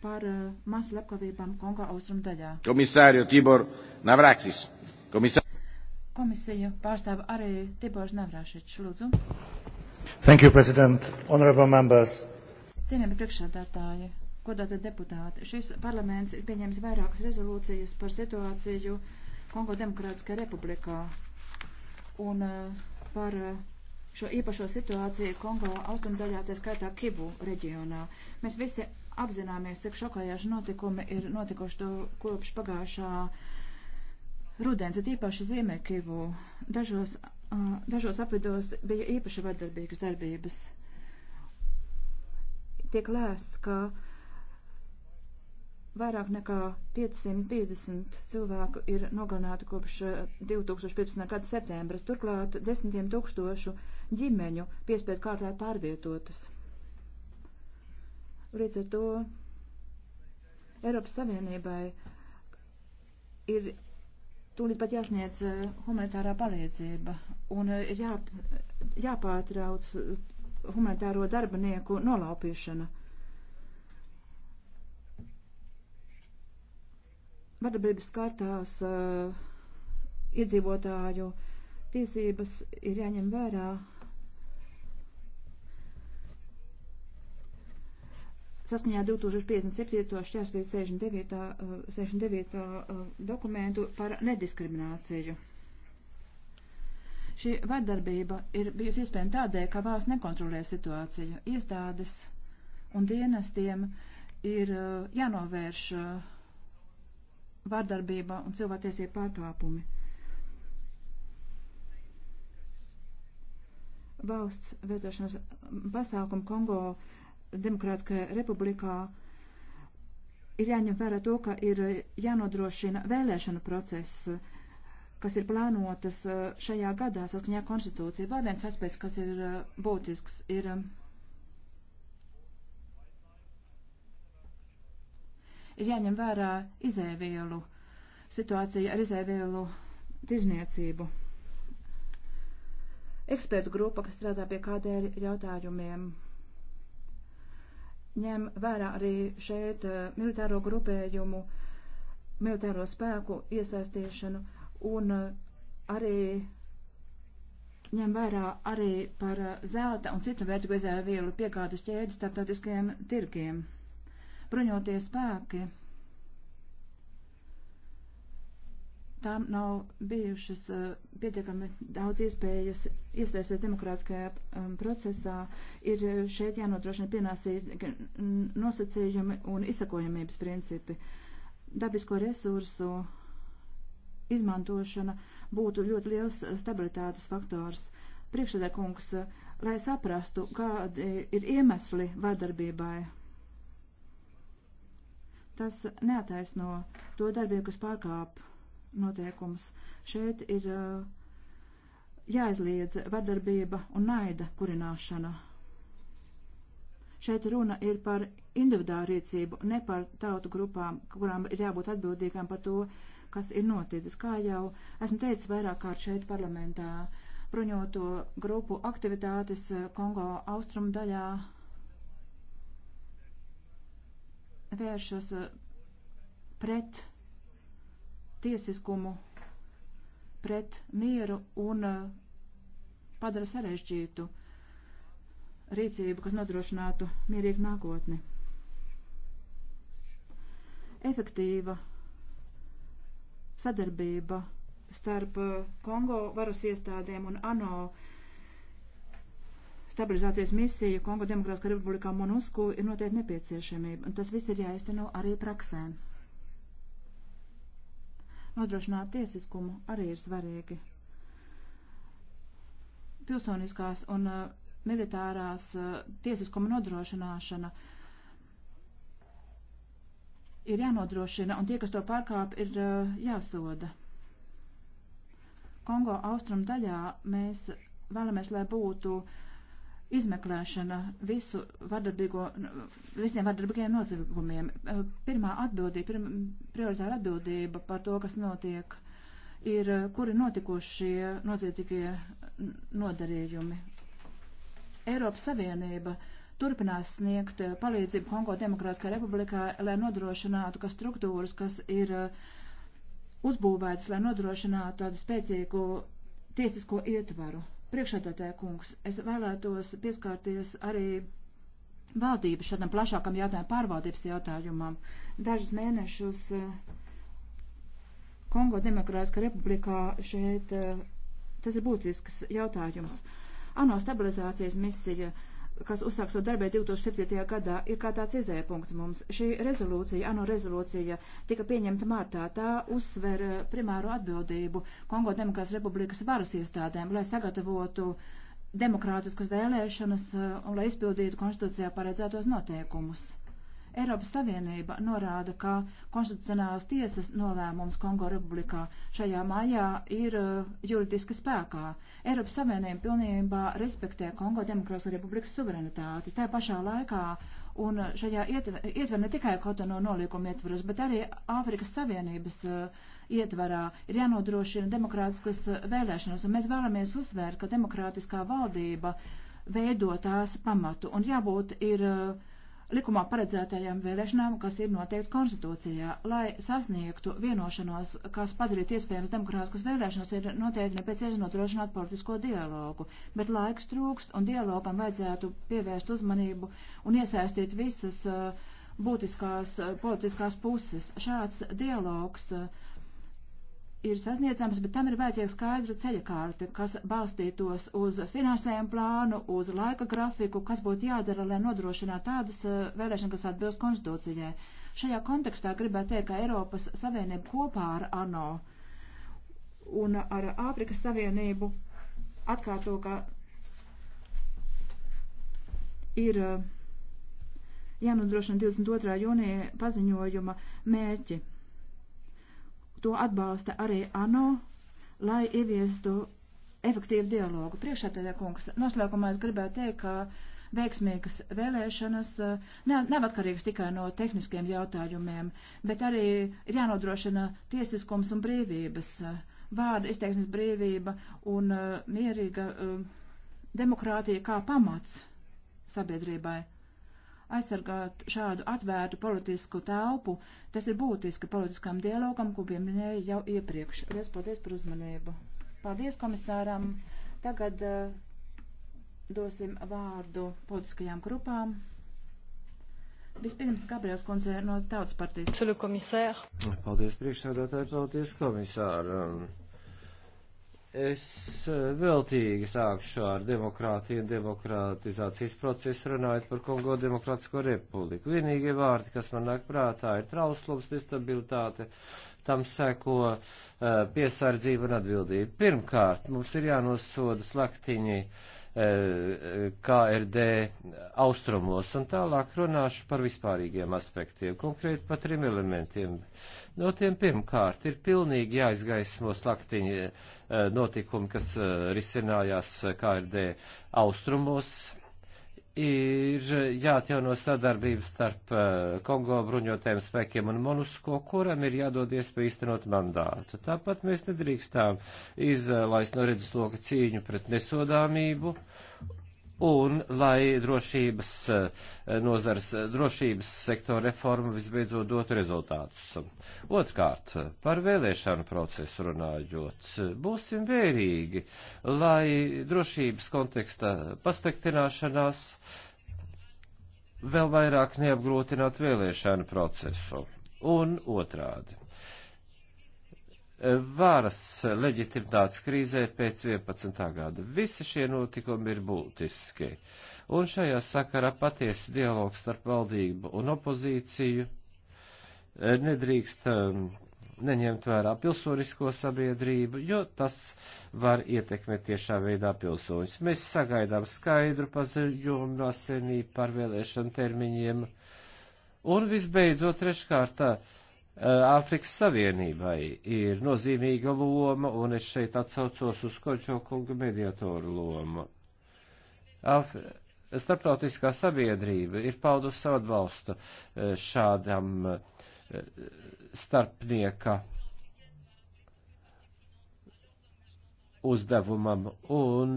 par uh, masu slepkavībām Kongo austrumu daļā. Komisārio Tibor Navraksis. Komisār... Komisiju pārstāv arī Tibors Navrašičs. Lūdzu. Thank you, President. Honorable members. Cienījami priekšsādātāji, godātie deputāti, šis parlaments ir pieņēmis vairākas rezolūcijas par situāciju Kongo Demokrātiskajā republikā un uh, par uh, šo īpašo situāciju Kongo austrumdaļā, tā skaitā Kivu reģionā. Mēs visi apzināmies, cik šokējoši notikumi ir notikuši to kopš pagājušā rudens, ir īpaši Ziemeļkivu. Dažos, dažos apvidos bija īpaši vardarbīgas darbības. Tiek lēsts, ka vairāk nekā 550 cilvēku ir nogalināti kopš 2015. gada septembra. Turklāt desmitiem tūkstošu ģimeņu piespiedu kārtā pārvietotas. Līdz ar to Eiropas Savienībai ir tūlīt pat jāsniedz eh, humanitārā palīdzība un ir eh, jā, jāpārtrauc eh, humanitāro darbinieku nolaupīšana. Vardarbības kārtās uh, iedzīvotāju tiesības ir jāņem vērā saskaņā 2057. šķērslīt 69. 69. dokumentu par nediskrimināciju. Šī vardarbība ir bijusi iespējama tādēļ, ka valsts nekontrolē situāciju. Iestādes un dienestiem ir eh, jānovērš eh, vardarbība un cilvēktiesība pārkāpumi. Valsts veidošanas pasākumu Kongo uh, Demokrātiskajā republikā ir jāņem vērā to, ka ir jānodrošina vēlēšanu process, kas ir plānotas uh, šajā gadā saskaņā konstitūcija. Vēl viens aspekts, kas ir uh, būtisks, ir um, ir jāņem vērā izēvielu situācija ar izēvielu tirzniecību. Ekspertu grupa, kas strādā pie kādēļ jautājumiem ņem vērā arī šeit eh, militāro grupējumu, militāro spēku iesaistīšanu un eh, arī ņem vērā arī par eh, zelta un citu vērtīgu izēvielu piegādes ķēdes starptautiskajiem tirgiem. Bruņoties spēki tām nav bijušas uh, pietiekami daudz iespējas iesaistīties demokrātiskajā um, procesā, ir eh, šeit jānodrošina pienācīgi nosacījumi un izsakojamības principi. Dabisko resursu izmantošana būtu ļoti liels eh, stabilitātes faktors. Priekšsēdē kungs, lai saprastu, kādi ir iemesli vardarbībai tas neataisno to darbību, kas pārkāp notiekumus. Šeit ir eh, jāizliedz vardarbība un naida kurināšana. Šeit runa ir par individuālu rīcību, ne par tautu grupām, kurām ir jābūt atbildīgām par to, kas ir noticis. Kā jau esmu teicis vairāk kārt šeit parlamentā, bruņoto grupu aktivitātes eh, Kongo austrumu daļā vēršas eh, pret tiesiskumu, pret mieru un eh, padara sarežģītu rīcību, kas nodrošinātu mierīgu nākotni. Efektīva sadarbība starp eh, Kongo varas iestādēm un ANO stabilizācijas misiju Kongo Demokrātiskā republikā Monusku ir noteikti nepieciešamība, un tas viss ir jāizteno arī praksēm. Nodrošināt tiesiskumu arī ir svarīgi. Pilsoniskās un uh, militārās uh, tiesiskuma nodrošināšana ir jānodrošina, un tie, kas to pārkāp, ir uh, jāsoda. Kongo austrum daļā mēs vēlamies, lai būtu uh, izmeklēšana visu vardarbīgo, visiem vardarbīgiem noziegumiem. Pirmā atbildība, pirma, prioritāra atbildība par to, kas notiek, ir, kuri notikušie noziedzīgie nodarījumi. Eiropas Savienība turpinās sniegt palīdzību Kongo Demokrātiskā republikā, lai nodrošinātu, ka struktūras, kas ir uzbūvētas, lai nodrošinātu tādu spēcīgu tiesisko ietvaru Priekšētātē, kungs, es vēlētos pieskārties arī valdības šādam plašākam jautājumu pārvaldības jautājumam. Dažus mēnešus eh, Kongo Demokrātiskā republikā šeit eh, tas ir būtisks jautājums. ANO stabilizācijas misija uh, kas uzsāks savu darbē 2007. gadā, ir kā tāds izēpunkts mums. Šī rezolūcija, ANO rezolūcija, tika pieņemta martā. Tā uzsver eh, primāro atbildību Kongo Demokrātas Republikas varas iestādēm, lai sagatavotu demokrātiskas vēlēšanas eh, un lai izpildītu konstitūcijā paredzētos noteikumus. Eiropas Savienība norāda, ka konstitucionālās tiesas nolēmums Kongo republikā šajā mājā ir uh, juridiski spēkā. Eiropas Savienība pilnībā respektē Kongo Demokrātiskās republikas suverenitāti. Tā pašā laikā un šajā ietver, ietver ne tikai Kotono nolīkuma ietveros, bet arī Āfrikas Savienības uh, ietvarā ir jānodrošina demokrātiskas vēlēšanas, un mēs vēlamies uzsvērt, ka demokrātiskā valdība veido tās pamatu, un jābūt ir uh, likumā paredzētajām vēlēšanām, kas ir noteikts konstitūcijā. Lai sasniegtu vienošanos, kas padarītu iespējams demokrātiskas vēlēšanas, ir noteikti nepieciešams nodrošināt politisko dialogu, bet laiks trūkst un dialogam vajadzētu pievērst uzmanību un iesaistīt visas uh, būtiskās uh, politiskās puses. Šāds dialogs uh, ir sasniedzams, bet tam ir vajadzīga skaidra ceļakārte, kas balstītos uz finansējumu plānu, uz laika grafiku, kas būtu jādara, lai nodrošinātu tādas eh, vēlēšanas, kas atbilst konstitūcijai. Šajā kontekstā gribētu teikt, ka Eiropas Savienība kopā ar ANO un ar Āfrikas Savienību atkārto, ka ir eh, jānodrošina 22. jūnija paziņojuma mērķi to atbalsta arī ANO, lai ieviestu efektīvu dialogu. Priekšētājā kungs, noslēgumā es gribētu teikt, ka veiksmīgas vēlēšanas eh, ne, nav atkarīgas tikai no tehniskiem jautājumiem, bet arī ir jānodrošina tiesiskums un brīvības, eh, vārda izteiksmes brīvība un eh, mierīga demokrātija kā pamats sabiedrībai aizsargāt šādu atvērtu politisku telpu, tas ir būtiski politiskam dialogam, ko pieminēju jau iepriekš. Liels paldies par uzmanību. Paldies komisāram. Tagad uh, dosim vārdu politiskajām grupām. Vispirms Gabriels kundze no Tautas partijas. Paldies priekšsēdētāji, paldies komisāram. Es eh, veltīgi sākšu ar demokrātiju un demokratizācijas procesu runājot par Kongo Demokrātisko republiku. Vienīgie vārdi, kas man nāk prātā, ir trauslums, nestabilitāte, tam seko uh, piesardzība un atbildība. Pirmkārt, mums ir jānosoda slaktiņi uh, Eh, KRD austrumos, un tālāk runāšu par vispārīgiem aspektiem, konkrēti par trim elementiem. No tiem pirmkārt ir pilnīgi jāizgaismo slaktiņa eh, notikumi, kas eh, risinājās KRD austrumos, ir jāatjauno sadarbība starp eh, Kongo bruņotajiem spēkiem un Monusko, kuram ir jādod iespēja īstenot mandātu. Tāpat mēs nedrīkstām izlaist no redzesloka cīņu pret nesodāmību un lai drošības eh, nozars, eh, drošības sektora reforma visbeidzot dotu rezultātus. Otrkārt, par vēlēšanu procesu runājot, būsim vērīgi, lai drošības konteksta pasliktināšanās vēl vairāk neapgrūtinātu vēlēšanu procesu. Un otrādi varas leģitimitātes krīzē pēc 11. gada. Visi šie notikumi ir būtiski. Un šajā sakarā patiesa dialogs starp valdību un opozīciju eh, nedrīkst um, neņemt vērā pilsonisko sabiedrību, jo tas var ietekmēt tiešā veidā pilsoņus. Mēs sagaidām skaidru paziņojumu no senī par vēlēšanu termiņiem. Un visbeidzot, treškārtā, uh, Eh, Āfrikas Savienībai ir nozīmīga loma, un es šeit atsaucos uz Kočo kunga mediatoru lomu. Af Startautiskā sabiedrība ir paudusi savu atbalstu eh, šādam eh, starpnieka uzdevumam, un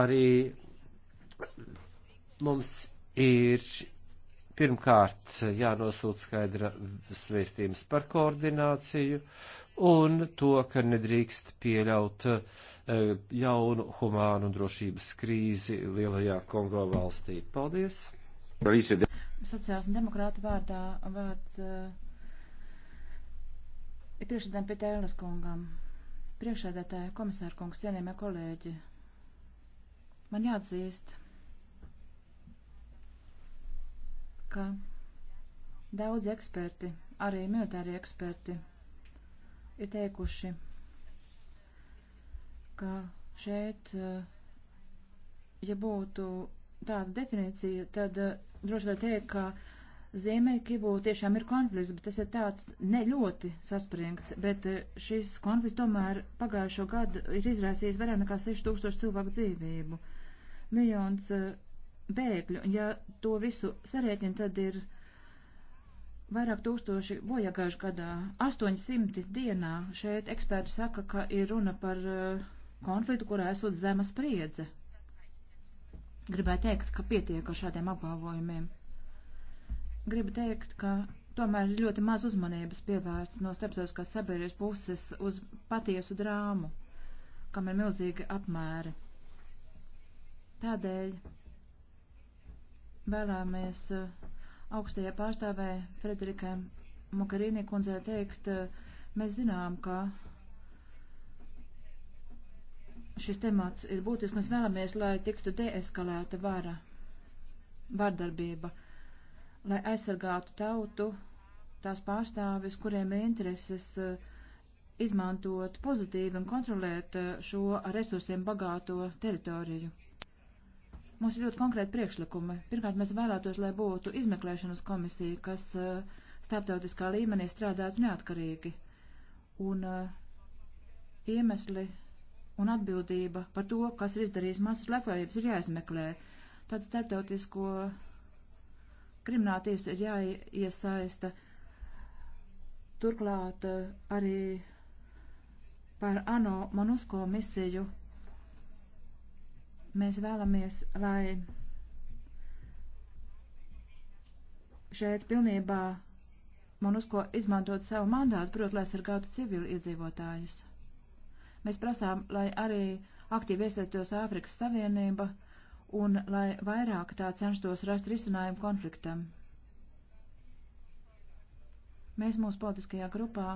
arī mums ir Pirmkārt, jānosūta skaidra svēstījums par koordināciju un to, ka nedrīkst pieļaut e, jaunu humānu un drošības krīzi lielajā Kongo valstī. Paldies! Sociāls un demokrāta vārdā vārds e, ir priekšsēdētājiem pie Tēlas kungam. Priekšsēdētāja komisāra kungs, cienījamie kolēģi, man jāatzīst, ka daudz eksperti, arī militāri eksperti, ir teikuši, ka šeit, eh, ja būtu tāda definīcija, tad eh, droši var teikt, ka Ziemeļkibū tiešām ir konflikts, bet tas ir tāds ne ļoti saspringts, bet eh, šis konflikts tomēr pagājušo gadu ir izraisījis vairāk nekā 6000 cilvēku dzīvību. Miljons uh, bēgļu, un ja to visu sarēķina, tad ir vairāk tūkstoši bojagājuši gadā. 800 dienā šeit eksperti saka, ka ir runa par uh, konfliktu, kurā esot zema spriedze. Gribētu teikt, ka pietiek ar šādiem apgalvojumiem. Gribu teikt, ka tomēr ļoti maz uzmanības pievērsts no starptautiskās sabiedrības puses uz patiesu drāmu, kam ir milzīgi apmēri. Tādēļ vēlāmies eh, augstajā pārstāvē Frederikai Mokarīnī kundzē teikt, eh, mēs zinām, ka šis temats ir būtisks, mēs vēlamies, lai tiktu deeskalēta vara, vardarbība, lai aizsargātu tautu, tās pārstāvis, kuriem ir intereses eh, izmantot pozitīvi un kontrolēt šo resursiem bagāto teritoriju. Mums ir ļoti konkrēti priekšlikumi. Pirmkārt, mēs vēlētos, lai būtu izmeklēšanas komisija, kas uh, starptautiskā līmenī strādātu neatkarīgi. Un uh, iemesli un atbildība par to, kas ir izdarījis masas slepkavības, ir jāizmeklē. Tad starptautisko krimināltiesa ir jāiesaista. Turklāt uh, arī par ANO Manusko misiju Mēs vēlamies, lai šeit pilnībā MONUSKO izmantot savu mandātu, proti, lai sargātu civilu iedzīvotājus. Mēs prasām, lai arī aktīvi iesaistos Āfrikas Savienība un lai vairāk tā cenštos rast risinājumu konfliktam. Mēs mūsu politiskajā grupā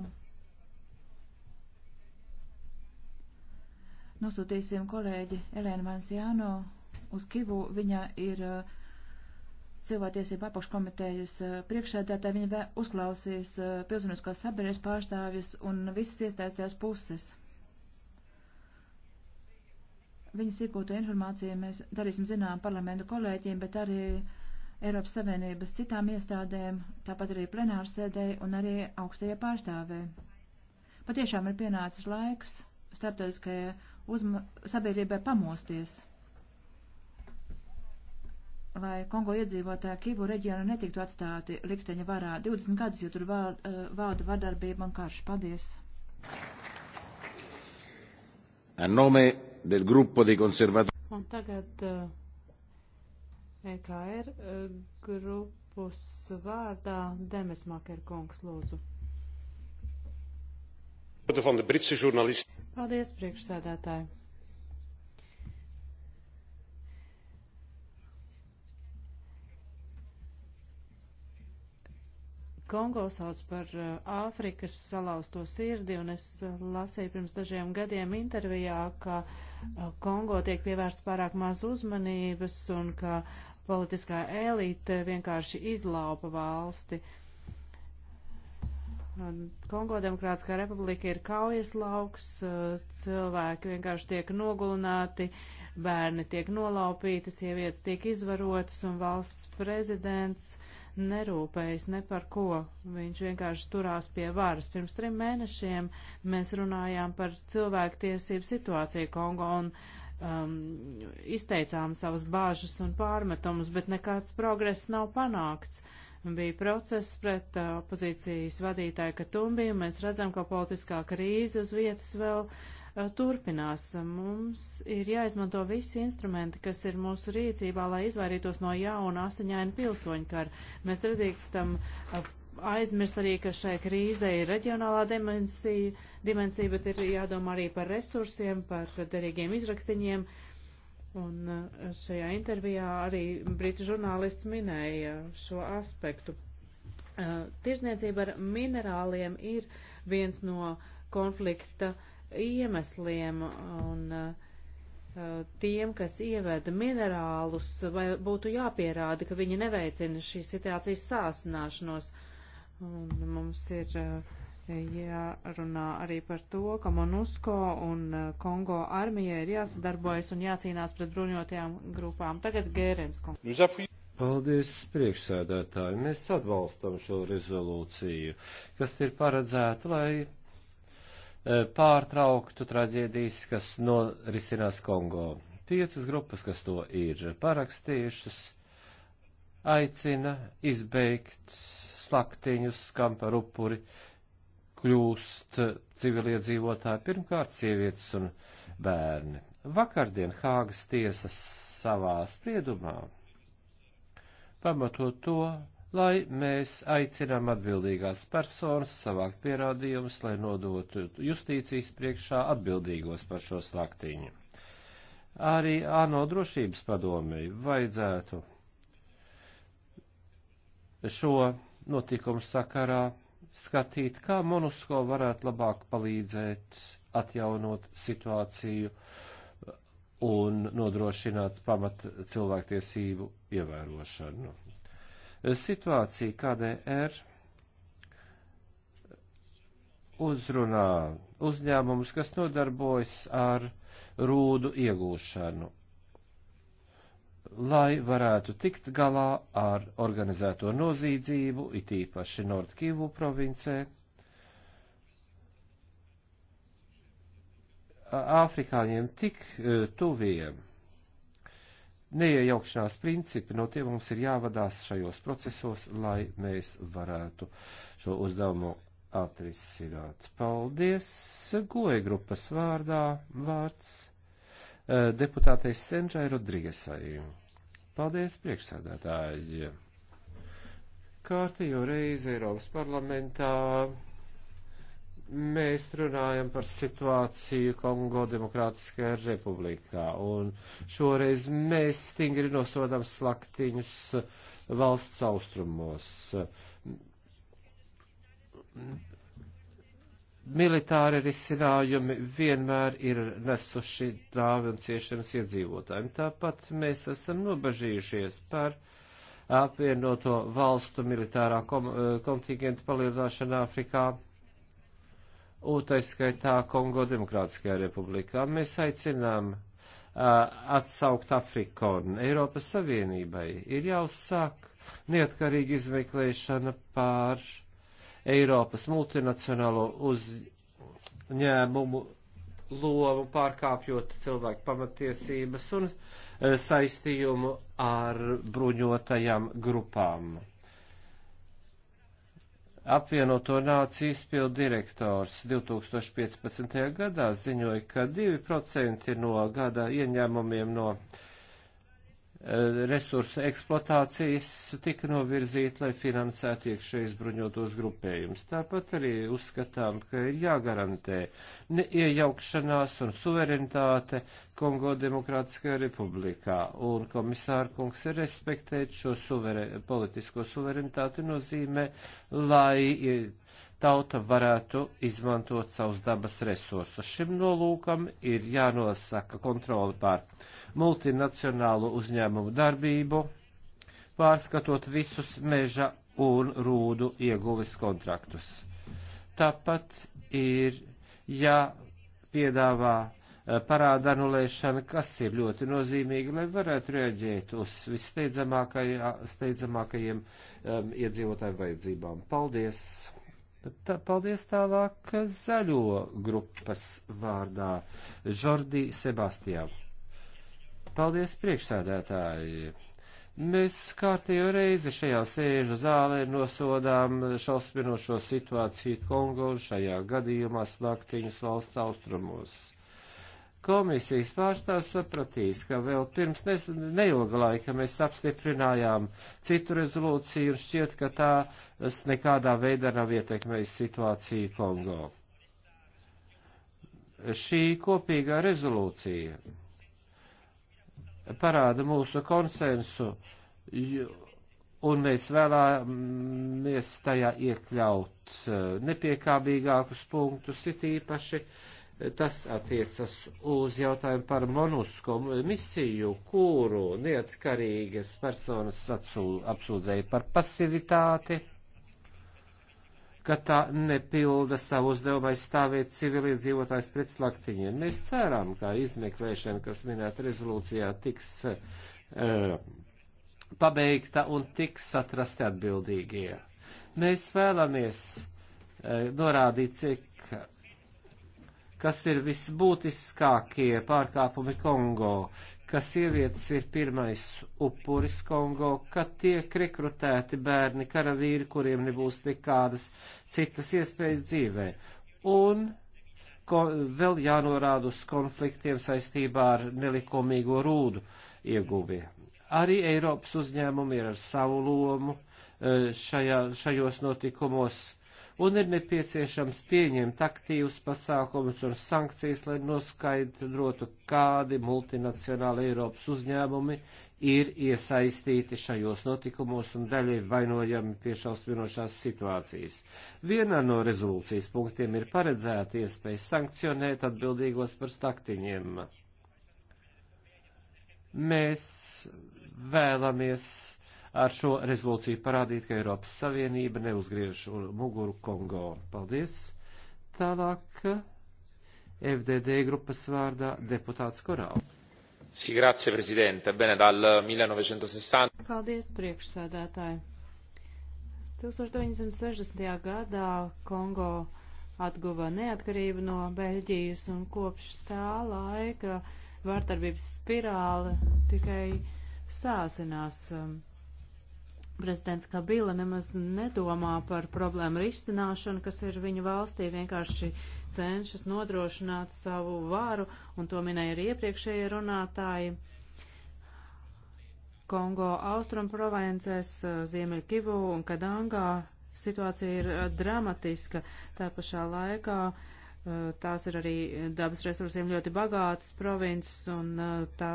nosūtīsim kolēģi Elēnu Vansjāno uz Kivu. Viņa ir uh, cilvēktiesība apakškomitejas uh, priekšsēdētāja. Viņa uzklausīs uh, pilsoniskās sabiedrības pārstāvjus un visas iesaistītās puses. Viņas iegūto informāciju mēs darīsim zinām parlamentu kolēģiem, bet arī Eiropas Savienības citām iestādēm, tāpat arī plenārsēdēji un arī augstajai pārstāvē. Patiešām ir pienācis laiks starptautiskajai uzma, sabiedrībai pamosties, lai Kongo iedzīvotāji Kivu reģionu netiktu atstāti likteņa varā. 20 gadus jau tur eh, valda vardarbība un karš. Paldies! A nome del gruppo dei conservatori. Un tagad uh, eh, EKR uh, eh, grupas vārdā Demesmaker kungs lūdzu. Van de Britse journalist. Paldies, priekšsēdētāji. Kongo sauc par uh, Āfrikas salauzto sirdi, un es uh, lasīju pirms dažiem gadiem intervijā, ka uh, Kongo tiek pievērsts pārāk maz uzmanības un ka politiskā elite vienkārši izlaupa valsti. Uh, Kongo Demokrātiskā republika ir kaujas lauks, cilvēki vienkārši tiek nogulināti, bērni tiek nolaupīti, sievietes tiek izvarotas un valsts prezidents nerūpējas ne par ko. Viņš vienkārši turās pie varas. Pirms trim mēnešiem mēs runājām par cilvēktiesību situāciju Kongo un um, izteicām savas bāžas un pārmetumus, bet nekāds progress nav panākts. Uh, bija process pret uh, opozīcijas vadītāju Katumbiju. Mēs redzam, ka politiskā krīze uz vietas vēl uh, turpinās. Mums ir jāizmanto visi instrumenti, kas ir mūsu rīcībā, lai izvairītos no jauna asiņaina pilsoņu kara. Mēs redzīkstam uh, aizmirst arī, ka šai krīzē ir reģionālā dimensija, dimensija, bet ir jādomā arī par resursiem, par derīgiem izraktiņiem. Uh, Un eh, šajā intervijā arī brita žurnālists minēja šo aspektu. Eh, tirzniecība ar minerāliem ir viens no konflikta iemesliem, un eh, tiem, kas ieveda minerālus, vai būtu jāpierāda, ka viņi neveicina šīs situācijas sāsināšanos. Un mums ir uh, jārunā arī par to, ka Monusko un e, Kongo armija ir jāsadarbojas un jācīnās pret bruņotajām grupām. Tagad Gērensko. Paldies, priekšsēdētāji. Mēs atbalstam šo rezolūciju, kas ir paredzēta, lai e, pārtrauktu traģēdijas, kas norisinās Kongo. Piecas grupas, kas to ir parakstījušas, aicina izbeigt slaktiņus, kam par upuri kļūst civiliedzīvotāji pirmkārt sievietes un bērni. Vakardien Hāgas tiesa savā spriedumā pamato to, lai mēs aicinām atbildīgās personas savākt pierādījumus, lai nodotu justīcijas priekšā atbildīgos par šo slaktiņu. Arī ANO drošības padomēji vajadzētu šo notikumu sakarā skatīt, kā Monusko varētu labāk palīdzēt atjaunot situāciju un nodrošināt pamat cilvēktiesību ievērošanu. Situācija KDR uzrunā uzņēmumus, kas nodarbojas ar rūdu iegūšanu lai varētu tikt galā ar organizēto nozīdzību, it īpaši Nordkivu provincē. Āfrikāņiem tik e, tuviem neiejaukšanās principi, no tiem mums ir jāvadās šajos procesos, lai mēs varētu šo uzdevumu atrisināt. Paldies! Goja grupas vārdā vārds e, deputātei Sendrai Rodrīgesai. Paldies, priekšsādātāji! Kārtējo reizi Eiropas parlamentā mēs runājam par situāciju Kongo Demokrātiskajā republikā, un šoreiz mēs stingri nosodām slaktiņus valsts austrumos militāri risinājumi vienmēr ir nesuši dāvi un ciešanas iedzīvotājiem. Tāpat mēs esam nobežījušies par apvienoto valstu militārā kom eh, kontingenta palielināšanu Āfrikā un taiskaitā Kongo Demokrātiskajā republikā. Mēs aicinām eh, atsaukt Afrikonu. Eiropas Savienībai ir jāuzsāk neatkarīga izmeklēšana pār Eiropas multinacionālo uzņēmumu lomu, pārkāpjot cilvēku pamatiesības un e, saistījumu ar bruņotajām grupām. Apvienoto nāciju izpildu direktors 2015. gadā ziņoja, ka 2% no gadā ieņēmumiem no uh, Eh, resursu eksploatācijas tika novirzīti, lai finansētu iekšējas bruņotos grupējumus. Tāpat arī uzskatām, ka ir jāgarantē neiejaukšanās un suverenitāte Kongo Demokrātiskajā republikā, un komisāra kungs ir respektēt šo suvere, politisko suverenitāti nozīmē, lai tauta varētu izmantot savus dabas resursus. Šim nolūkam ir jānosaka kontroli pār multinacionālu uzņēmumu darbību, pārskatot visus meža un rūdu ieguves kontraktus. Tāpat ir jāpiedāvā ja eh, parāda anulēšana, kas ir ļoti nozīmīgi, lai varētu rēģēt uz vissteidzamākajiem um, iedzīvotāju vajadzībām. Paldies! Tā, paldies tālāk zaļo grupas vārdā Žordī Sebastijā. Paldies, priekšsēdētāji! Mēs kārtējo reizi šajā sēžu zālē nosodām šausminošo situāciju Kongo un šajā gadījumā slaktiņus valsts austrumos. Komisijas pārstāvs sapratīs, ka vēl pirms nes, neilga laika mēs apstiprinājām citu rezolūciju un šķiet, ka tās nekādā veidā nav ietekmējis situāciju Kongo. Šī kopīgā rezolūcija parāda mūsu konsensu, un mēs vēlamies tajā iekļaut eh, nepiekābīgākus punktus, it īpaši eh, tas attiecas uz jautājumu par monusko misiju, kuru neatkarīgas personas atsū, apsūdzēja par pasivitāti ka tā nepilda savu uzdevumu aizstāvēt civiliedzīvotājs pret slaktiņiem. Mēs ceram, ka izmeklēšana, kas minēta rezolūcijā, tiks uh, pabeigta un tiks atrasti atbildīgie. Mēs vēlamies uh, norādīt, cik, kas ir visbūtiskākie pārkāpumi Kongo, ka sievietes ir pirmais upuris Kongo, ka tiek rekrutēti bērni karavīri, kuriem nebūs nekādas citas iespējas dzīvē. Un ko, vēl jānorāda uz konfliktiem saistībā ar nelikumīgo rūdu ieguvi. Arī Eiropas uzņēmumi ir ar savu lomu eh, šajā, šajos notikumos un ir nepieciešams pieņemt aktīvus pasākumus un sankcijas, lai noskaidrotu, kādi multinacionāli Eiropas uzņēmumi ir iesaistīti šajos notikumos un daļai vainojami pie šausminošās situācijas. Vienā no rezolūcijas punktiem ir paredzēta iespēja sankcionēt atbildīgos par staktiņiem. Mēs vēlamies ar šo rezolūciju parādīt, ka Eiropas Savienība neuzgriež muguru Kongo. Paldies! Tālāk FDD grupas vārdā deputāts Korāls. Sī, grazie, prezidente. Bene, dal 1960. Paldies, priekšsēdētāji. 1960. gadā Kongo atguva neatkarību no Beļģijas un kopš tā laika vārtarbības spirāle tikai sāsinās. Um, prezidents Kabila nemaz nedomā par problēmu risināšanu, kas ir viņa valstī, vienkārši cenšas nodrošināt savu varu, un to minēja arī iepriekšējie runātāji. Kongo austrumprovencēs, Ziemeļkivu un Kadangā situācija ir dramatiska. Tā pašā laikā tās ir arī dabas resursiem ļoti bagātas provinces, un tā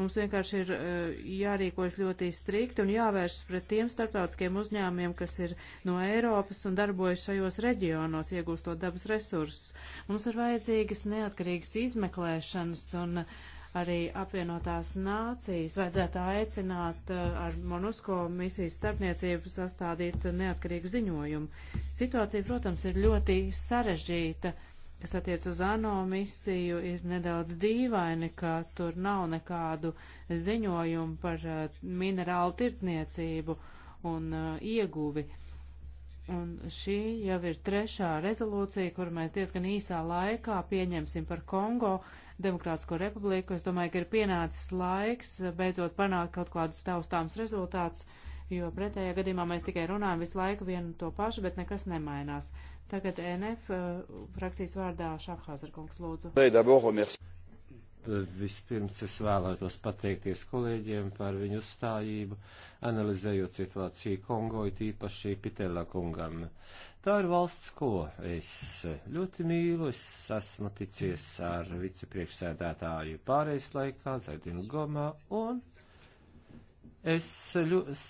Mums vienkārši ir eh, jārīkojas ļoti strikti un jāvēršas pret tiem starptautiskiem uzņēmumiem, kas ir no Eiropas un darbojas šajos reģionos, iegūstot dabas resursus. Mums ir vajadzīgas neatkarīgas izmeklēšanas un arī apvienotās nācijas vajadzētu aicināt eh, ar Monusko misijas starpniecību sastādīt neatkarīgu ziņojumu. Situācija, protams, ir ļoti sarežģīta. Uh, kas attiec uz ANO misiju, ir nedaudz dīvaini, ka tur nav nekādu ziņojumu par uh, minerālu tirdzniecību un uh, ieguvi. Un šī jau ir trešā rezolūcija, kuru mēs diezgan īsā laikā pieņemsim par Kongo Demokrātisko republiku. Es domāju, ka ir pienācis laiks beidzot panākt kaut kādus taustāms rezultātus, jo pretējā gadījumā mēs tikai runājam visu laiku vienu to pašu, bet nekas nemainās. Uh, Tagad e NF eh, frakcijas vārdā Šafhāzarkungs lūdzu. Vispirms es vēlētos pateikties kolēģiem par viņu uzstājību, analizējot situāciju Kongo, it īpaši Pitela kungam. Tā ir valsts, ko es ļoti mīlu, es esmu ticies ar vicepriekšsēdētāju pārējais laikā, Zaidinu Gomā, un Es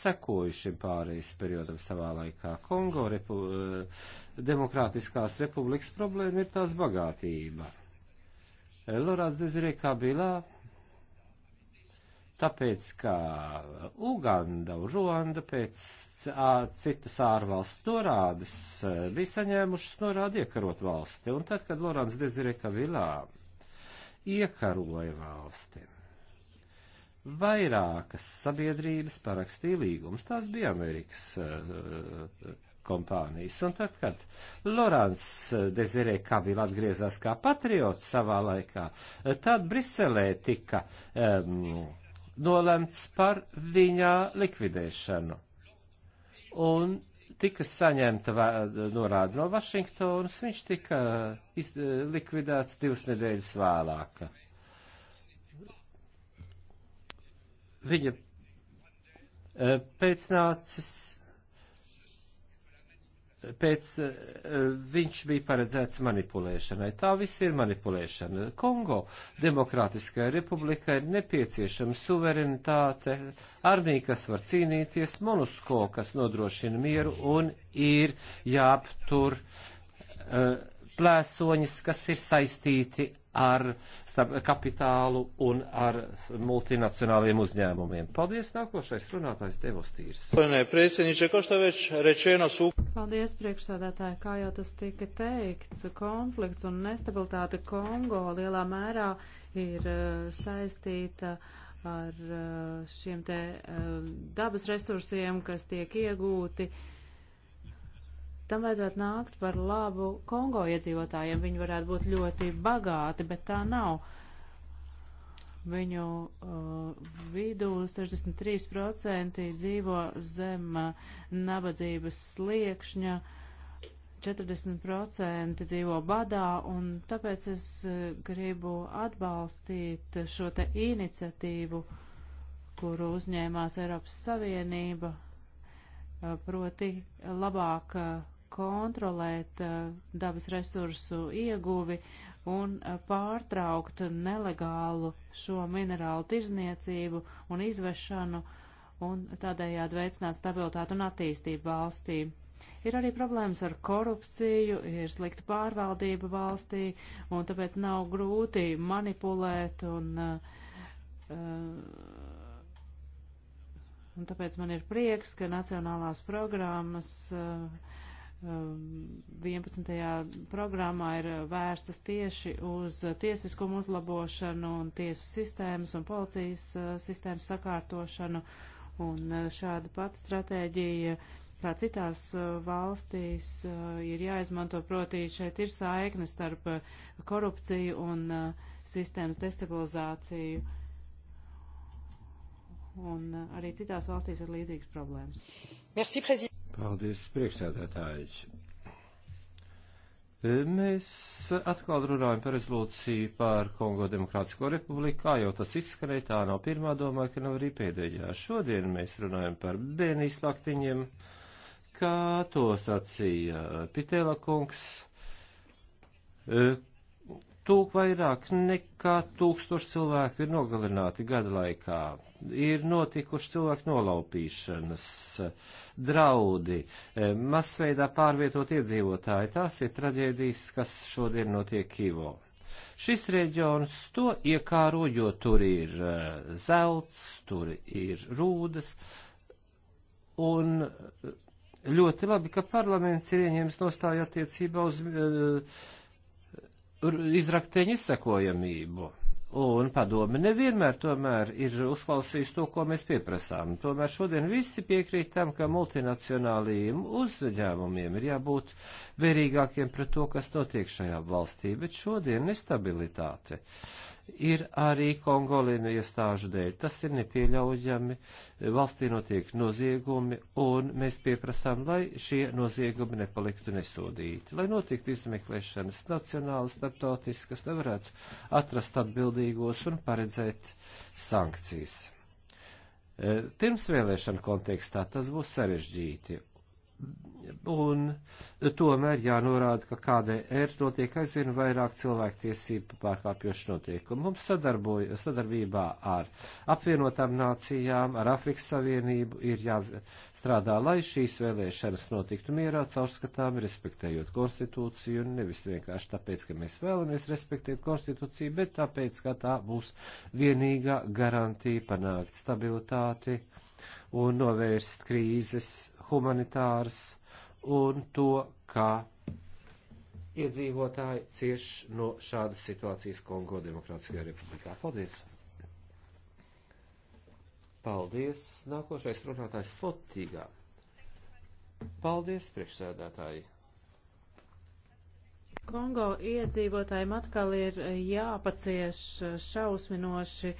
sekoju šim pārejas periodam savā laikā. Kongo repu, eh, Demokrātiskās republikas problēma ir tās bagātība. Eh, Lorāts Dezirē Kabilā, tāpēc, ka Uganda un Ruanda pēc citas ārvalsts norādes eh, bija saņēmušas norādi iekarot valsti, un tad, kad Lorāns Dezirē Kabilā iekaroja valsti vairākas sabiedrības parakstīja līgumus. Tās bija Amerikas uh, kompānijas. Un tad, kad Lorants Dezerē Kabila atgriezās kā patriots savā laikā, eh, tad Briselē tika um, nolemts par viņā likvidēšanu. Un tika saņemta norāda no Vašingtonas, viņš tika eh, iz, likvidēts divas nedēļas vēlāk. viņa e, pēcnācis, pēc e, viņš bija paredzēts manipulēšanai. Tā viss ir manipulēšana. Kongo Demokrātiskajai republikai ir nepieciešama suverenitāte, armija, kas var cīnīties, monusko, kas nodrošina mieru un ir jāaptur uh, plēsoņas, kas ir saistīti ar kapitālu un ar multinacionāliem uzņēmumiem. Paldies, nākošais runātājs Devos Tīrs. Paldies, priekšsādātāji, kā jau tas tika teikts, konflikts un nestabilitāte Kongo lielā mērā ir e, saistīta ar e, šiem te e, dabas resursiem, kas tiek iegūti tam vajadzētu nākt par labu Kongo iedzīvotājiem. Viņi varētu būt ļoti bagāti, bet tā nav. Viņu uh, vidū 63% dzīvo zem uh, nabadzības sliekšņa, 40% dzīvo badā, un tāpēc es uh, gribu atbalstīt šo te iniciatīvu, kuru uzņēmās Eiropas Savienība, uh, proti labāk uh, kontrolēt eh, dabas resursu ieguvi un eh, pārtraukt nelegālu šo minerālu tirzniecību un izvešanu un tādējādi veicināt stabilitātu un attīstību valstī. Ir arī problēmas ar korupciju, ir slikta pārvaldība valstī, un tāpēc nav grūti manipulēt un. Uh, Un tāpēc man ir prieks, ka nacionālās programmas uh, 11. Um, programmā ir vērstas tieši uz tiesiskumu uzlabošanu un tiesu sistēmas un policijas uh, sistēmas sakārtošanu. Un uh, šāda pati stratēģija, kā citās uh, valstīs, ir jāizmanto, proti šeit ir saikne starp korupciju un sistēmas destabilizāciju. Un arī citās valstīs ir līdzīgas problēmas. Merci, prezident. Paldies, priekšsēdētāji. E, mēs atkal runājam par rezolūciju par Kongo Demokrātisko republiku, kā jau tas izskanēja, tā nav pirmā domā, ka nav arī pēdējā. Šodien mēs runājam par bēnijas laktiņiem, kā to sacīja Pitēla kungs, e, tūk vairāk nekā tūkstoši cilvēku ir nogalināti gada laikā. Ir notikuši cilvēku nolaupīšanas, draudi, eh, masveidā pārvietot iedzīvotāji. Tās ir traģēdijas, kas šodien notiek Kīvo. Šis reģions to iekāro, jo tur ir eh, zelts, tur ir rūdas, un eh, ļoti labi, ka parlaments ir ieņēmis nostāju attiecībā uz uh, izrakteņu izsakojamību. Un padomi nevienmēr tomēr ir uzklausījuši to, ko mēs pieprasām. Tomēr šodien visi piekrīt tam, ka multinacionālajiem uzņēmumiem ir jābūt vērīgākiem pret to, kas notiek šajā valstī, bet šodien nestabilitāte ir arī Kongolina iestāžu dēļ. Tas ir nepieļaujami, valstī notiek noziegumi, un mēs pieprasām, lai šie noziegumi nepaliktu nesodīti, lai notiktu izmeklēšanas nacionālas, starptautiskas, nevarētu atrast atbildīgos un paredzēt sankcijas. Eh, pirms vēlēšana kontekstā tas būs sarežģīti, un tomēr jānorāda, ka KDR notiek aizvien vairāk cilvēktiesību pārkāpjošu notiekumu. Mums sadarbībā ar apvienotām nācijām, ar Afrikas Savienību ir jāstrādā, lai šīs vēlēšanas notiktu mierā, caurskatām, respektējot konstitūciju, un nevis vienkārši tāpēc, ka mēs vēlamies respektēt konstitūciju, bet tāpēc, ka tā būs vienīgā garantija panākt stabilitāti un novērst krīzes humanitāras un to, kā iedzīvotāji cieš no šādas situācijas Kongo Demokrātiskajā republikā. Paldies! Paldies! Nākošais runātājs Fotīgā. Paldies, priekšsēdētāji! Kongo iedzīvotājiem atkal ir jāpacieš šausminoši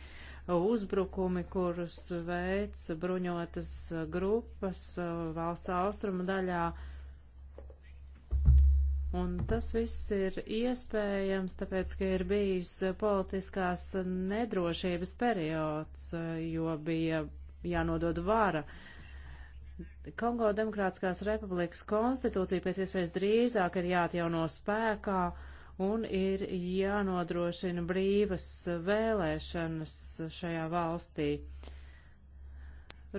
uzbrukumi, kurus veids bruņotas grupas uh, valsts austrumu daļā. Un tas viss ir iespējams, tāpēc, ka ir bijis politiskās nedrošības periods, uh, jo bija jānodod vara. Kongo Demokrātiskās republikas konstitūcija pēc iespējas drīzāk ir jāatjauno spēkā, uh, un ir jānodrošina brīvas vēlēšanas šajā valstī.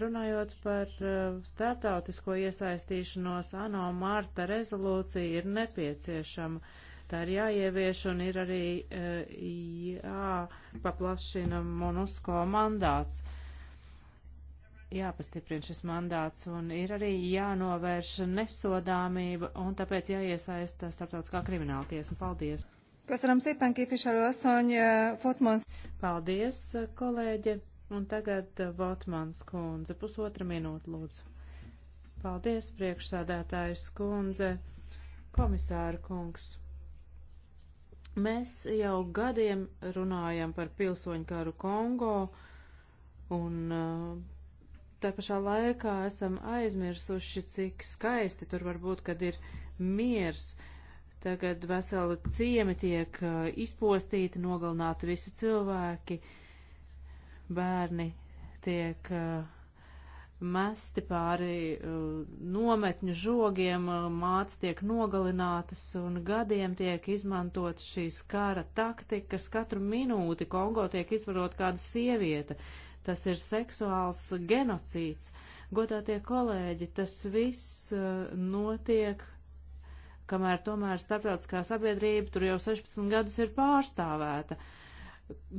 Runājot par uh, starptautisko iesaistīšanos, ANO Mārta rezolūcija ir nepieciešama. Tā ir jāievieš un ir arī uh, jāpaplašina MONUSCO mandāts. Uh, jāpastiprina šis mandāts un ir arī jānovērš nesodāmība un tāpēc jāiesaista starptautiskā krimināla tiesa. Paldies! Köszönöm szépen, képviselő asszony, Fotmans. Eh, Paldies, eh, kolēģe. Un tagad eh, Votmans kundze, pusotra minūte, lūdzu. Paldies, priekšsādātājs kundze, komisāra kungs. Mēs jau gadiem runājam par pilsoņu karu Kongo un uh, tā pašā laikā esam aizmirsuši, cik skaisti tur var būt, kad ir miers. Tagad veseli ciemi tiek izpostīti, nogalināti visi cilvēki, bērni tiek mesti pāri nometņu žogiem, mātes tiek nogalinātas un gadiem tiek izmantot šīs kara taktikas. Katru minūti Kongo tiek izvarot kāda sievieta Tas ir seksuāls genocīds. Godātie kolēģi, tas viss uh, notiek, kamēr tomēr starptautiskā sabiedrība tur jau 16 gadus ir pārstāvēta.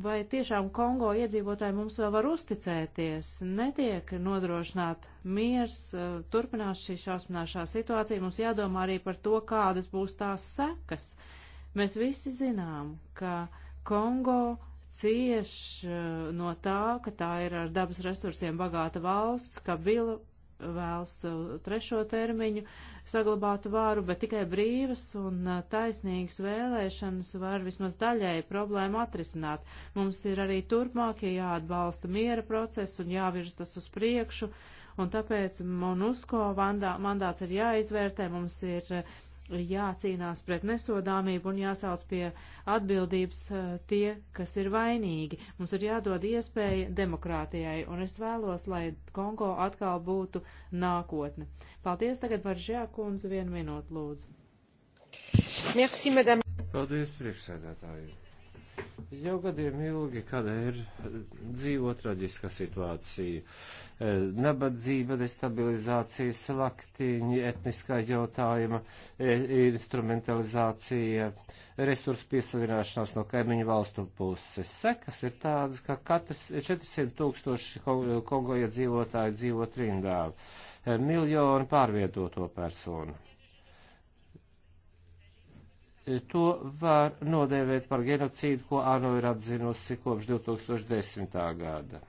Vai tiešām Kongo iedzīvotāji mums vēl var uzticēties? Netiek nodrošināt miers, uh, turpinās šī šausmināšā situācija. Mums jādomā arī par to, kādas būs tās sekas. Mēs visi zinām, ka Kongo cieš eh, no tā, ka tā ir ar dabas resursiem bagāta valsts, ka Bila vēlas eh, trešo termiņu saglabāt varu, bet tikai brīvas un eh, taisnīgas vēlēšanas var vismaz daļēji problēmu atrisināt. Mums ir arī turpmākie jāatbalsta miera process un jāvirz tas uz priekšu, un tāpēc MONUSCO mandāts ir jāizvērtē, mums ir jācīnās pret nesodāmību un jāsauc pie atbildības eh, tie, kas ir vainīgi. Mums ir jādod iespēja demokrātijai, un es vēlos, lai Kongo atkal būtu nākotne. Paldies tagad par Žēkundzi vienu minūtu lūdzu. Merci, madame. Paldies, priekšsēdētāji. Jau gadiem ilgi, kad ir dzīvo traģiska situācija, e, nabadzība, destabilizācija, slaktiņi, etniskā jautājuma, e, instrumentalizācija, resursu piesavināšanās no kaimiņu valstu puses. Sekas ir tādas, ka katrs 400 tūkstoši Kongo iedzīvotāji dzīvo trindā, e, miljoni pārvietoto personu to var nodēvēt par genocīdu, ko ANO ir atzinusi kopš 2010. gada.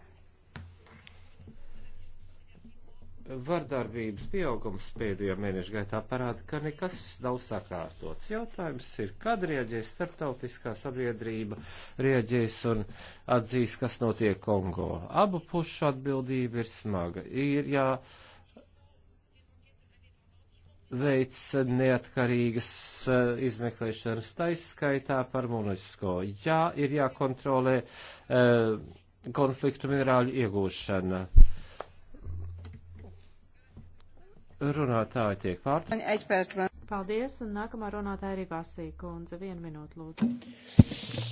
Vardarbības pieaugums pēdējo mēnešu gaitā parāda, ka nekas nav sakārtots. Jautājums ir, kad rieģēs starptautiskā sabiedrība, rieģēs un atzīs, kas notiek Kongo. Abu pušu atbildība ir smaga. Ir jā. Ja veids neatkarīgas eh, izmeklēšanas taiskaitā par Monusko. Jā, ir jākontrolē eh, konfliktu minerāļu iegūšana. Runātāji tiek pārtraukti. Paldies, un nākamā runātāja ir Vasī kundze. Vienu minūtu, lūdzu.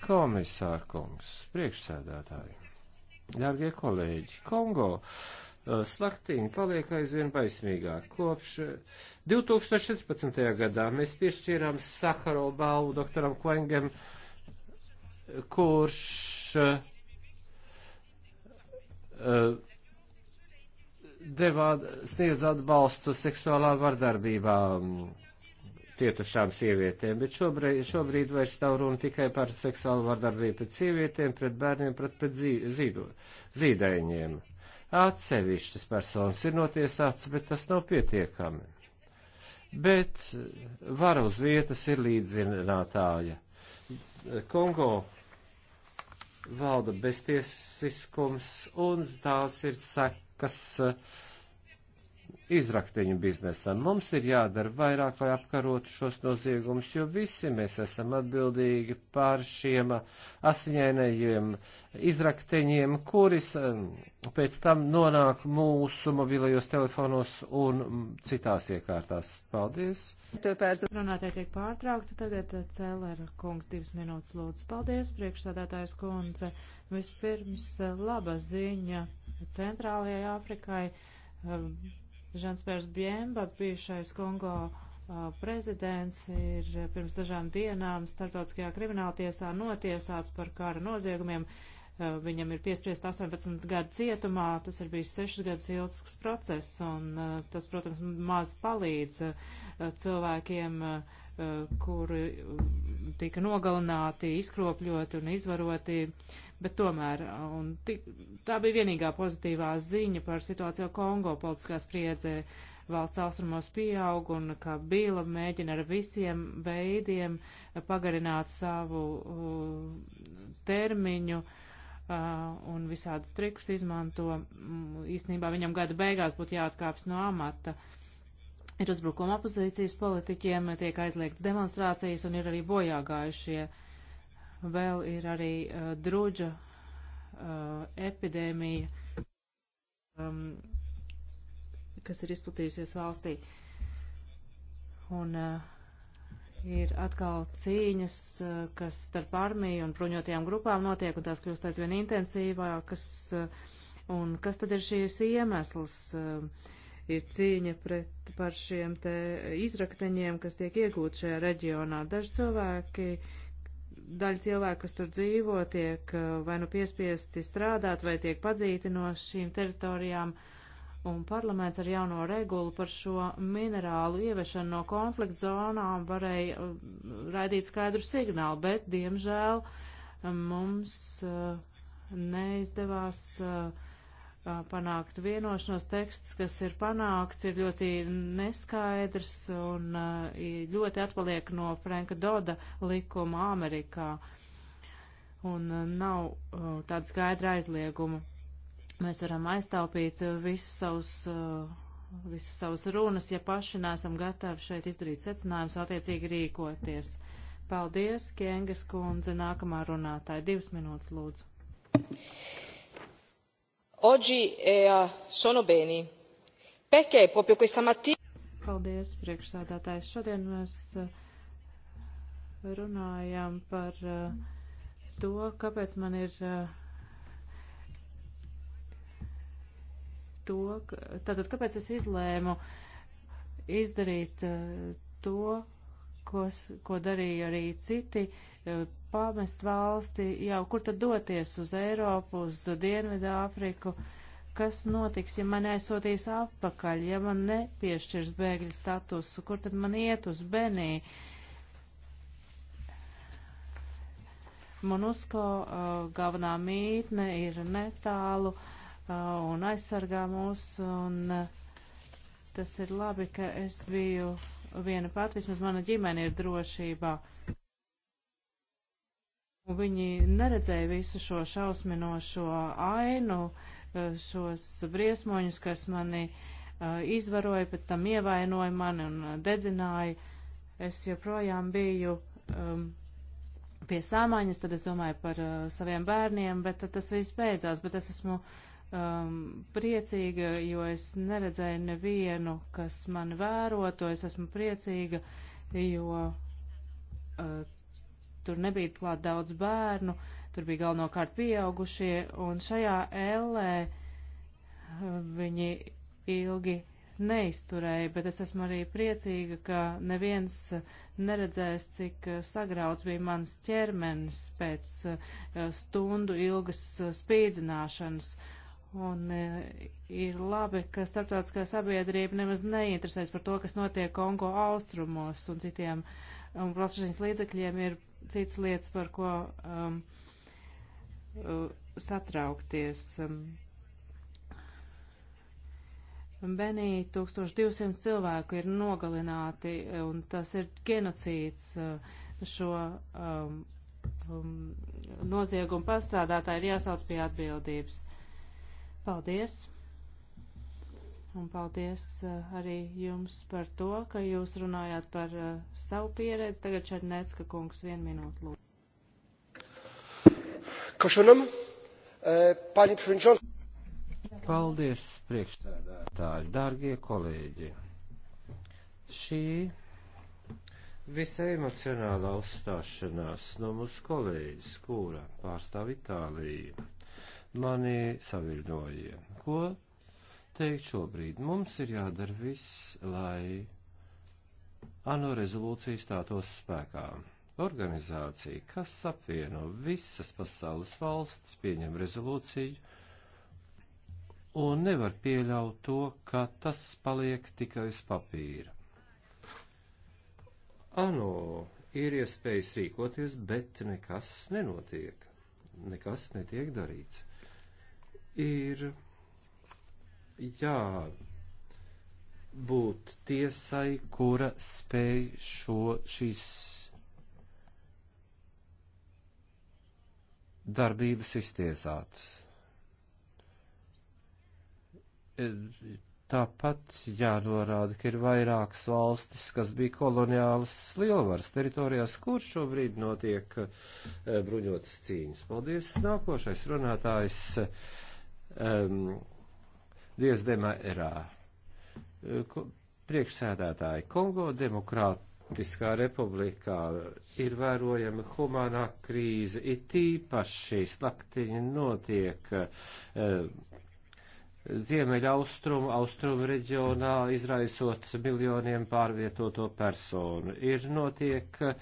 Komisārkungs, priekšsēdētāji, dārgie kolēģi, Kongo. Uh, Uh, slaktiņi paliek aizvien baismīgāk. Kopš 2014. Uh, gadā mēs piešķīrām Sakaro balvu doktoram Klengem, kurš uh, uh, devā, sniedz atbalstu seksuālā vardarbībā um, cietušām sievietēm, bet šobrīd, šobrīd vairs nav runa tikai par seksuālu vardarbību pret sievietēm, pret bērniem, pret, pret zīdo, zīdaiņiem. Atsevišķas personas ir notiesāts, bet tas nav pietiekami. Bet eh, vara uz vietas ir līdzinātāja. Kongo valda beztiesiskums un tās ir sekas uh, izrakteņu biznesam. Mums ir jādara vairāk, lai apkarotu šos noziegumus, jo visi mēs esam atbildīgi pār šiem asiņainajiem izrakteņiem, kuris um, pēc tam nonāk mūsu mobilajos telefonos un mm, citās iekārtās. Paldies! Runātāji tiek pārtraukti. Tagad uh, Cēlera kungs divas minūtes lūdzu. Paldies, priekšsādātājs kundze. Vispirms uh, laba ziņa centrālajai Afrikai um, Žans Pērs Bjemba, bijušais Kongo prezidents, ir pirms dažām dienām starptautiskajā krimināltiesā notiesāts par kara noziegumiem. Viņam ir piespriest 18 gadu cietumā, tas ir bijis 6 gadus ilgs process, un tas, protams, maz palīdz cilvēkiem, kuri tika nogalināti, izkropļoti un izvaroti. Uh, Bet tomēr, un tik, tā bija vienīgā pozitīvā ziņa par situāciju Kongo politiskā spriedzē. Valsts austrumos pieaug un ka Bīla mēģina ar visiem veidiem pagarināt savu uh, termiņu uh, un visādus trikus izmanto. Īstenībā viņam gada beigās būtu jāatkāps no amata. Ir uzbrukuma opozīcijas politiķiem, tiek aizliegts demonstrācijas un ir arī bojāgājušie. Uh, vēl ir arī uh, drudža uh, epidēmija, um, kas ir izplatījusies valstī. Un uh, ir atkal cīņas, uh, kas starp armiju un bruņotajām grupām notiek, un tās kļūst aizvien intensīvākas. Uh, un kas tad ir šīs iemesls? Uh, ir cīņa pret, par šiem te izrakteņiem, kas tiek iegūti šajā reģionā. Daži cilvēki uh, daļa cilvēku, kas tur dzīvo, tiek eh, vai nu piespiesti strādāt, vai tiek padzīti no šīm teritorijām, un parlaments ar jauno regulu par šo minerālu ievešanu no konflikt zonām varēja eh, raidīt skaidru signālu, bet, diemžēl, mums eh, neizdevās uh, panākt vienošanos. Teksts, kas ir panākts, ir ļoti neskaidrs un ļoti atpaliek no Franka Doda likuma Amerikā. Un nav tāda skaidra aizlieguma. Mēs varam aiztaupīt visus savus, visus savus runas, ja paši neesam gatavi šeit izdarīt secinājumus, attiecīgi rīkoties. Paldies, Kienges kundze, nākamā runātāja. Divas minūtes, lūdzu oggi eh, sono beni. Perché proprio questa mattina. Paldies, priekšsādātājs. Šodien mēs eh, runājam par eh, to, kāpēc man ir to, tātad kāpēc es izlēmu izdarīt to, ko, ko darīja arī citi, e, pamest valsti jau, kur tad doties uz Eiropu, uz Dienvidu Āfriku, kas notiks, ja man aizsūtīs atpakaļ, ja man nepiešķirs bēgļu statusu, kur tad man iet uz Benī. Monusko uh, galvenā mītne ir netālu uh, un aizsargā mūs, un uh, tas ir labi, ka es biju viena pati, vismaz mana ģimene ir drošībā. Un viņi neredzēja visu šo šausminošo ainu, eh, šos briesmoņus, kas mani eh, izvaroja, pēc tam ievainoja mani un eh, dedzināja. Es joprojām biju um, pie sāmaņas, tad es domāju par uh, saviem bērniem, bet tas viss beidzās, bet es esmu uh, um, priecīga, jo es neredzēju nevienu, kas man vēroto. Es esmu priecīga, jo uh, tur nebija klāt daudz bērnu, tur bija galvenokārt pieaugušie, un šajā ellē uh, viņi ilgi neizturēja, bet es esmu arī priecīga, ka neviens uh, neredzēs, cik uh, sagrauts bija mans ķermenis pēc stundu ilgas spīdzināšanas. Uh, Un e, ir labi, ka starptautiskā sabiedrība nemaz neinteresēs par to, kas notiek Kongo austrumos un citiem un plašsaziņas līdzekļiem ir citas lietas, par ko um, satraukties. Um, Benī 1200 cilvēku ir nogalināti, un tas ir genocīds e, šo um, um, noziegumu pastrādātāji ir jāsauc pie atbildības. Uh, Paldies! Un paldies eh, arī jums par to, ka jūs runājāt par uh, savu pieredzi. Tagad Černēcka kungs vienu minūtu lūdzu. Košanam, eh, paņi Prinčons. Paldies, priekšstādātāji, dārgie kolēģi. Šī visai emocionālā uzstāšanās no mūsu kolēģis, kura pārstāv Itāliju mani savirņoja. Ko teikt šobrīd? Mums ir jādara viss, lai ANO rezolūcija stātos spēkā. Organizācija, kas apvieno visas pasaules valsts, pieņem rezolūciju un nevar pieļaut to, ka tas paliek tikai uz papīra. ANO ir iespējas rīkoties, bet nekas nenotiek. Nekas netiek darīts ir jābūt tiesai, kura spēj šo šīs darbības iztiesāt. Tāpat jānorāda, ka ir vairākas valstis, kas bija koloniālas lielvaras teritorijās, kur šobrīd notiek eh, bruņotas cīņas. Paldies! Nākošais runātājs um, Dievs demērā. E, priekšsēdētāji Kongo Demokrātiskā republikā ir vērojama humanā krīze, it īpaši slaktiņi notiek. Um, ziemeļa austrumu, austrumu reģionā, izraisot miljoniem pārvietoto personu. Ir notiek, eh,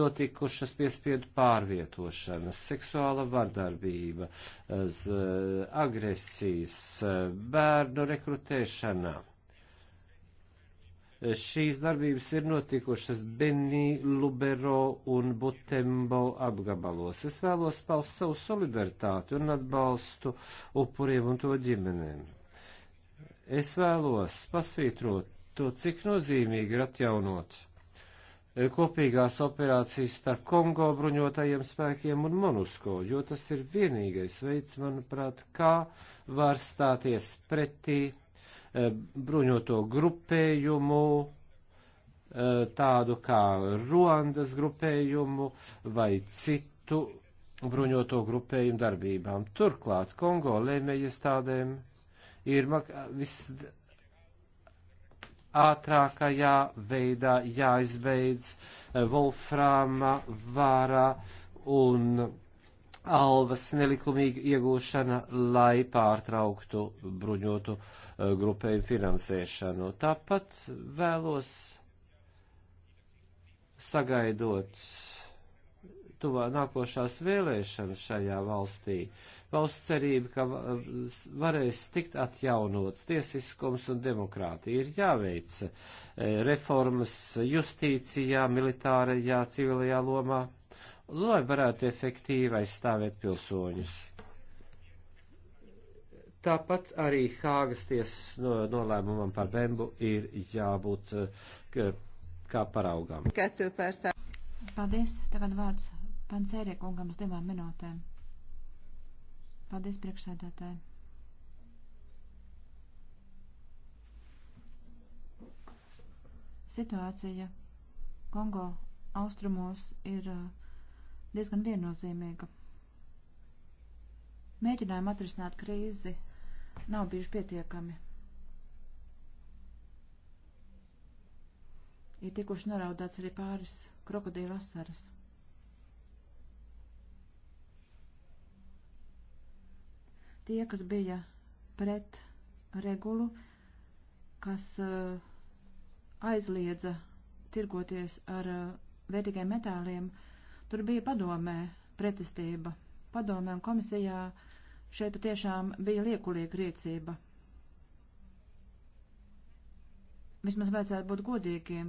notikušas piespiedu pārvietošanas, seksuāla vardarbība, agresijas, eh, bērnu rekrutēšanā Šīs darbības ir notikušas Benī, Lubero un Butembo apgabalos. Es vēlos paust savu solidaritāti un atbalstu upuriem un to ģimenēm. Es vēlos pasvītrot to, cik nozīmīgi ir atjaunot kopīgās operācijas starp Kongo bruņotajiem spēkiem un Monusko, jo tas ir vienīgais veids, manuprāt, kā var stāties pretī Eh, bruņoto grupējumu, eh, tādu kā Ruandas grupējumu vai citu bruņoto grupējumu darbībām. Turklāt Kongo lēmējiestādēm ir viss ātrākajā veidā jāizbeidz Volfrāma eh, vārā un alvas nelikumīga iegūšana, lai pārtrauktu bruņotu e, grupēju finansēšanu. Tāpat vēlos sagaidot tuvā nākošās vēlēšanas šajā valstī. Valsts cerība, ka varēs tikt atjaunots tiesiskums un demokrātija, ir jāveic e, reformas justīcijā, militārajā, civilajā lomā lai varētu efektīvi aizstāvēt pilsoņus. Tāpat arī Hāgas tiesas no, nolēmumam par Bembu ir jābūt kā paraugām. Paldies, tagad vārds pancērija kungam uz divām minūtēm. Paldies, priekšsēdētāji. Situācija Kongo austrumos ir uh, diezgan viennozīmīga. Mēģinājumi atrisināt krīzi nav bijuši pietiekami. Ir tikuši noraudāts arī pāris krokodīla asaras. Tie, kas bija pret regulu, kas uh, aizliedza tirgoties ar uh, vērtīgiem metāliem, uh, Tur bija padomē pretestība. Padomē un komisijā šeit patiešām bija liekulīga rīcība. Vismaz vajadzētu būt godīgiem,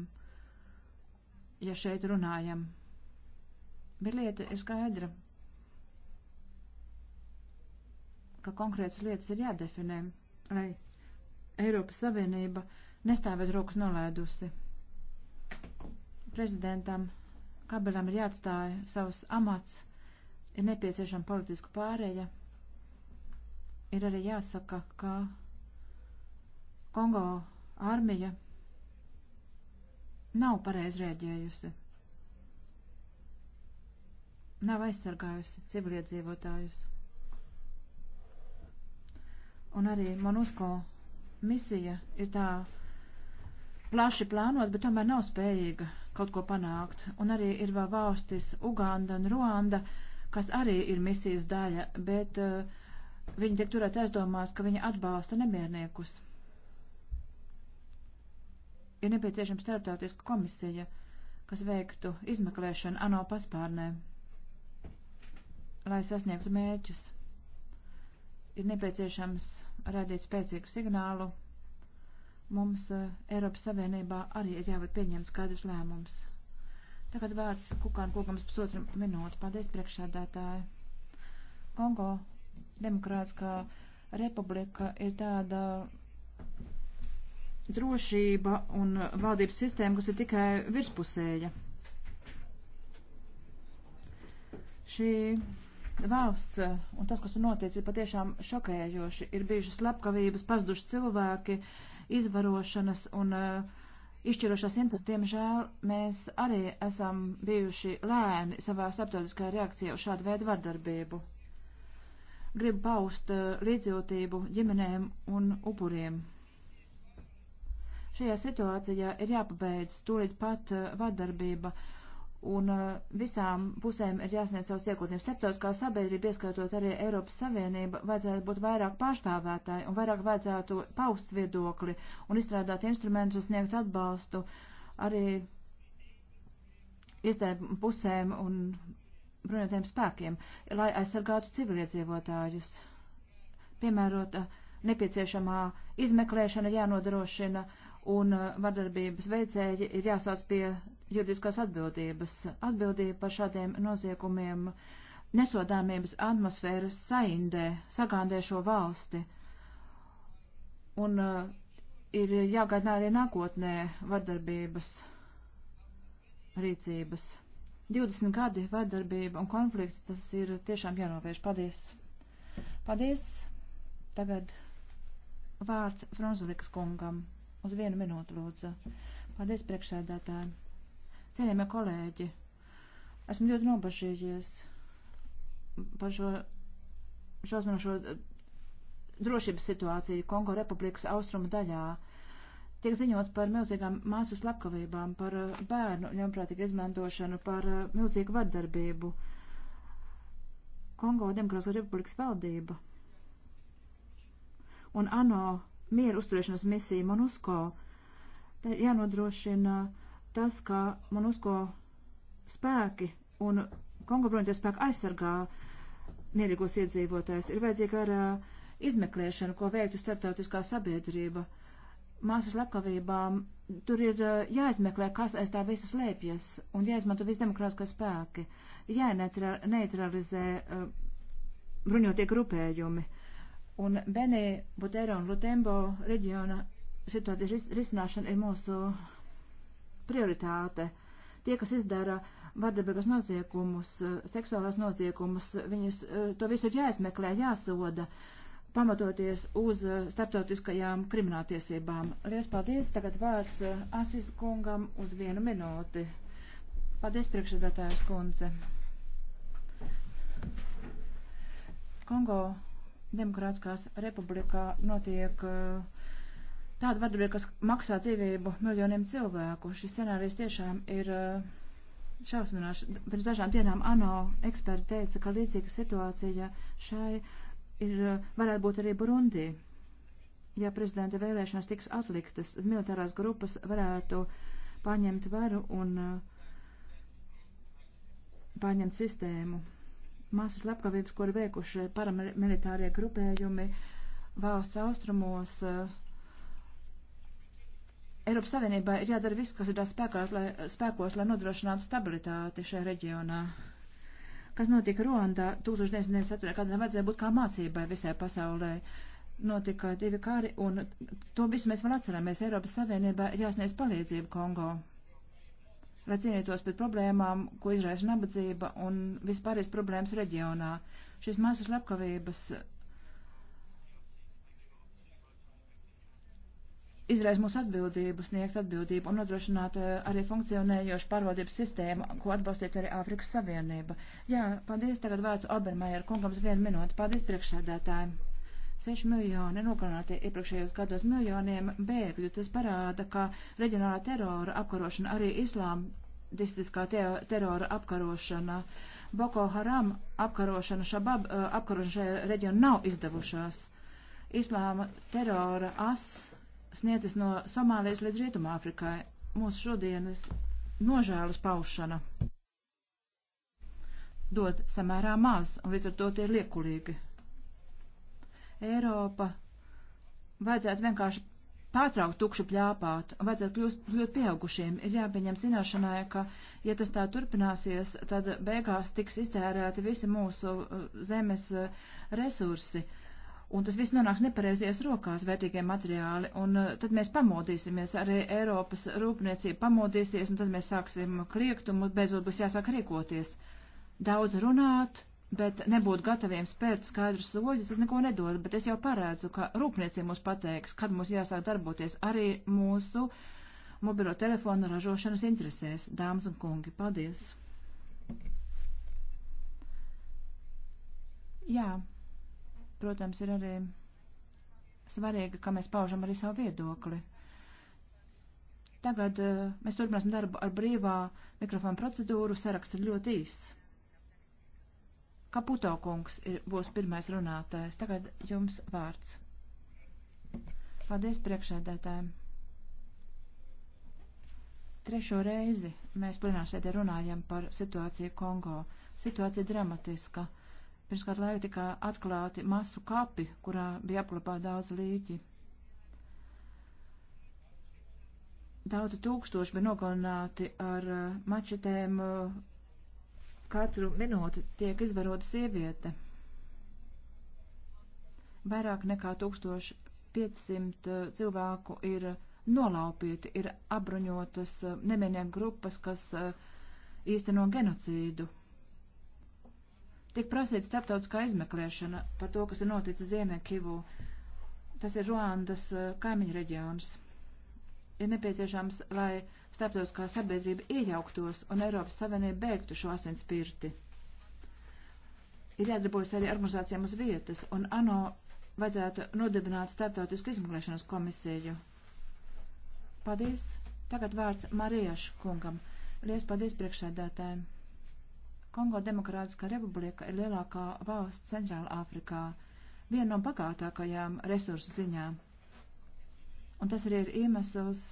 ja šeit runājam. Bet lieta ir skaidra, ka konkrētas lietas ir jādefinē, lai Eiropas Savienība nestāvēt rokas nolēdusi. Prezidentam Kabelam ir jāatstāja savs amats, ir nepieciešama politiska pārēja. Ir arī jāsaka, ka Kongo armija nav pareiz rēģējusi. Nav aizsargājusi civiliedzīvotājus. Un arī Monusko misija ir tā plaši plānot, bet tomēr nav spējīga kaut ko panākt. Un arī ir vēl valstis Uganda un Ruanda, kas arī ir misijas daļa, bet uh, viņi tiek turēt aizdomās, ka viņi atbalsta nemierniekus. Ir nepieciešama starptautiska komisija, kas veiktu izmeklēšanu ANO paspārnē, lai sasniegtu mērķus. Ir nepieciešams radīt spēcīgu signālu mums eh, Eiropas Savienībā arī ir jāvar pieņemt skaidrs lēmums. Tagad vārds Kukāna kungams pusotru minūti. Paldies, priekšsēdētāji. Kongo Demokrātiskā republika ir tāda drošība un valdības sistēma, kas ir tikai virspusēja. Šī valsts eh, un tas, kas ir noticis, ir patiešām šokējoši. Ir bijušas slepkavības, pazuduši cilvēki. Uh, izvarošanas un uh, izšķirošās inputs. Diemžēl mēs arī esam bijuši lēni savā starptautiskajā reakcijā uz šādu veidu vardarbību. Gribu paust uh, līdzjūtību ģimenēm un upuriem. Šajā situācijā ir jāpabeidz tūlīt pat uh, vardarbība. Uh, un uh, visām pusēm ir jāsniedz savus iekotnības. Starptautiskā sabiedrība, ieskaitot arī Eiropas Savienība, vajadzētu būt vairāk pārstāvētāji un vairāk vajadzētu paust viedokli un izstrādāt instrumentus, sniegt atbalstu arī izdēm pusēm un bruņotiem spēkiem, lai aizsargātu civiliedzīvotājus. Piemērota uh, nepieciešamā izmeklēšana jānodrošina un uh, vardarbības veicēji ir jāsauc pie juridiskās atbildības, atbildība par šādiem noziegumiem, nesodāmības atmosfēras saindē, sagāndē šo valsti. Un uh, ir jāgaidā arī nākotnē vardarbības rīcības. 20 gadi vardarbība un konflikts, tas ir tiešām jānovērš. Paldies! Paldies! Tagad vārds Franzulikas kungam. Uz vienu minūtu lūdzu. Paldies priekšsēdētājiem! Cienījamie kolēģi, esmu ļoti nobažījies par šo šausminošo eh, drošības situāciju Kongo republikas austrumu daļā. Tiek ziņots par milzīgām māsu slepkavībām, par eh, bērnu ļaunprātīgu izmantošanu, par eh, milzīgu vardarbību. Kongo Demokrātiskā republikas valdība un ANO mieru uzturēšanas misija MONUSCO jānodrošina uh, tas, kā Monusko spēki un Kongo bruņoties spēki aizsargā mierīgos iedzīvotājs, ir vajadzīga ar uh, izmeklēšanu, ko veiktu starptautiskā sabiedrība. Māsu slepkavībām tur ir uh, jāizmeklē, kas aiz tā visas lēpjas, un jāizmanto visdemokrātiskie spēki, jāneutralizē uh, bruņotie grupējumi. Un Benī, Butero un Lutembo reģiona situācijas risināšana ir mūsu prioritāte. Tie, kas izdara vardarbīgas noziegumus, seksuālās noziegumus, viņas eh, to visu ir jāizmeklē, jāsoda, pamatoties uz eh, starptautiskajām krimināltiesībām. Lies paldies, tagad vārds eh, Asis kungam uz vienu minūti. Paldies, priekšredātājs kundze. Kongo Demokrātiskās republikā notiek uh, tāda vardarbība, kas maksā dzīvību miljoniem cilvēku. Šis scenārijs tiešām ir eh, šausminošs. Pirms dažām dienām ANO eksperti teica, ka līdzīga situācija šai ir, eh, varētu būt arī Burundī. Ja prezidenta vēlēšanas tiks atliktas, militārās grupas varētu paņemt varu un eh, paņemt sistēmu. Māsas slepkavības, ko ir veikuši paramilitārie grupējumi valsts austrumos, uh, Eiropas Savienībā ir jādara viss, kas ir spēkās, lai, spēkos, lai nodrošinātu stabilitāti šajā reģionā. Kas notika Ruandā 1994. gadā, vajadzēja būt kā mācībai visai pasaulē. Notika divi kari, un to visu mēs vēl atceramies. Eiropas Savienībā ir jāsniedz palīdzību Kongo, lai cīnītos pret problēmām, ko izraisa nabadzība un vispārējais problēmas reģionā. Šīs māsas slepkavības izraisa mūsu atbildību, sniegt atbildību un nodrošināt eh, arī funkcionējošu pārvaldības sistēmu, ko atbalstītu arī Āfrikas Savienība. Jā, paldies tagad vārds Obermajer kungams vienu minūti. Paldies priekšsēdētājiem. 6 miljoni nogalināti iepriekšējos gados miljoniem bēgļu. Tas parāda, ka reģionālā terora apkarošana, arī islāmdistiskā te terora apkarošana, Boko Haram apkarošana, Šabab eh, apkarošana šajā reģionā nav izdevušās. Islāma terora asa sniedzas no Somālijas līdz Rietumāfrikai. Mūsu šodienas nožēlas paušana dod samērā maz, un līdz ar to tie ir liekulīgi. Eiropa vajadzētu vienkārši pārtraukt tukšu pļāpāt, un vajadzētu kļūst, kļūt pieaugušiem. Ir jāpieņem zināšanai, ka, ja tas tā turpināsies, tad beigās tiks iztērēti visi mūsu uh, zemes uh, resursi. Uh, un tas viss nonāks nepareizajās rokās vērtīgie materiāli, un eh, tad mēs pamodīsimies, arī Eiropas rūpniecība pamodīsies, un tad mēs sāksim kliegt, un mums beidzot būs jāsāk rīkoties. Daudz runāt, bet nebūt gataviem spērt skaidrus soļus, tad neko nedod, bet es jau parādzu, ka rūpniecība mums pateiks, kad mums jāsāk darboties arī mūsu mobilo telefonu ražošanas interesēs. Dāmas un kungi, paldies! Jā protams, ir arī svarīgi, ka mēs paužam arī savu viedokli. Tagad uh, mēs turpināsim darbu ar brīvā mikrofona procedūru. Saraksts ir ļoti īss. Kaputo kungs ir, būs pirmais runātājs. Tagad jums vārds. Paldies priekšēdētājiem. Trešo reizi mēs plenārsēdē runājam par situāciju Kongo. Situācija dramatiska. Uh, Pirms kādu laiku tika atklāti masu kapi, kurā bija apklopā daudz līķi. Daudzi tūkstoši bija nogalināti ar uh, mačetēm. Uh, katru minūti tiek izvarota sieviete. Vairāk nekā 1500 uh, cilvēku ir nolaupīti, ir apbruņotas nemienīgi grupas, kas īsteno genocīdu. Tik prasīta starptautiskā izmeklēšana par to, kas ir noticis Ziemeļkivu. Tas ir Ruandas eh, kaimiņu reģions. Ir nepieciešams, lai starptautiskā sabiedrība iejauktos un Eiropas Savienība beigtu šo asinspirti. Ir jādarbojas arī organizācijām uz vietas, un ANO vajadzētu nodibināt starptautisku izmeklēšanas komisiju. Paldies! Tagad vārds Mariešu kungam. Lies paldies priekšsēdētājiem! Kongo Demokrātiskā republika ir lielākā valsts Centrāla Āfrikā, viena no bagātākajām resursu ziņā. Un tas arī ir iemesls,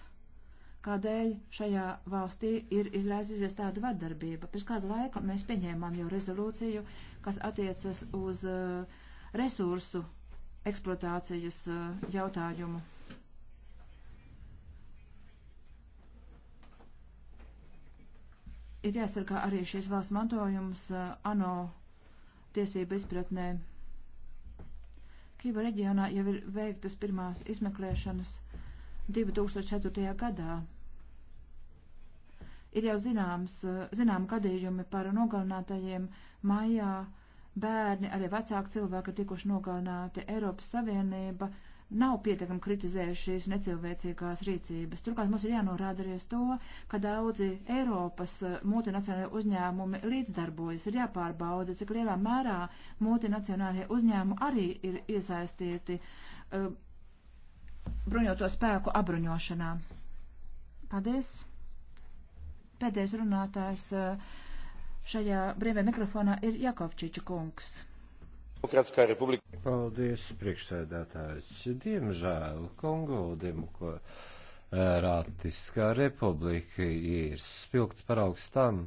kādēļ šajā valstī ir izraisījusies tāda vardarbība. Pēc kāda laika mēs pieņēmām jau rezolūciju, kas attiecas uz uh, resursu eksploatācijas uh, jautājumu. ir jāsargā arī šīs valsts mantojums eh, ANO tiesību izpratnē. Kīva reģionā jau ir veiktas pirmās izmeklēšanas 2004. gadā. Ir jau zināms, eh, zinām gadījumi par nogalinātajiem maijā, bērni, arī vecāki cilvēki ir tikuši nogalināti. Eiropas Savienība uh, nav pietiekami kritizējuši šīs necilvēcīgās rīcības. Turklāt mums ir jānorāda arī uz to, ka daudzi Eiropas eh, multinacionālajie uzņēmumi līdzdarbojas, ir jāpārbauda, cik lielā mērā multinacionālajie uzņēmumi arī ir iesaistīti uh, bruņoto spēku apbruņošanā. Paldies! Pēdējais runātājs eh, šajā brīvē mikrofonā ir Jakovčiča kungs. Demokrātiskā republika. Paldies, priekšsēdētājs. Diemžēl Kongo demokrātiskā republika ir spilgts paraugs tam,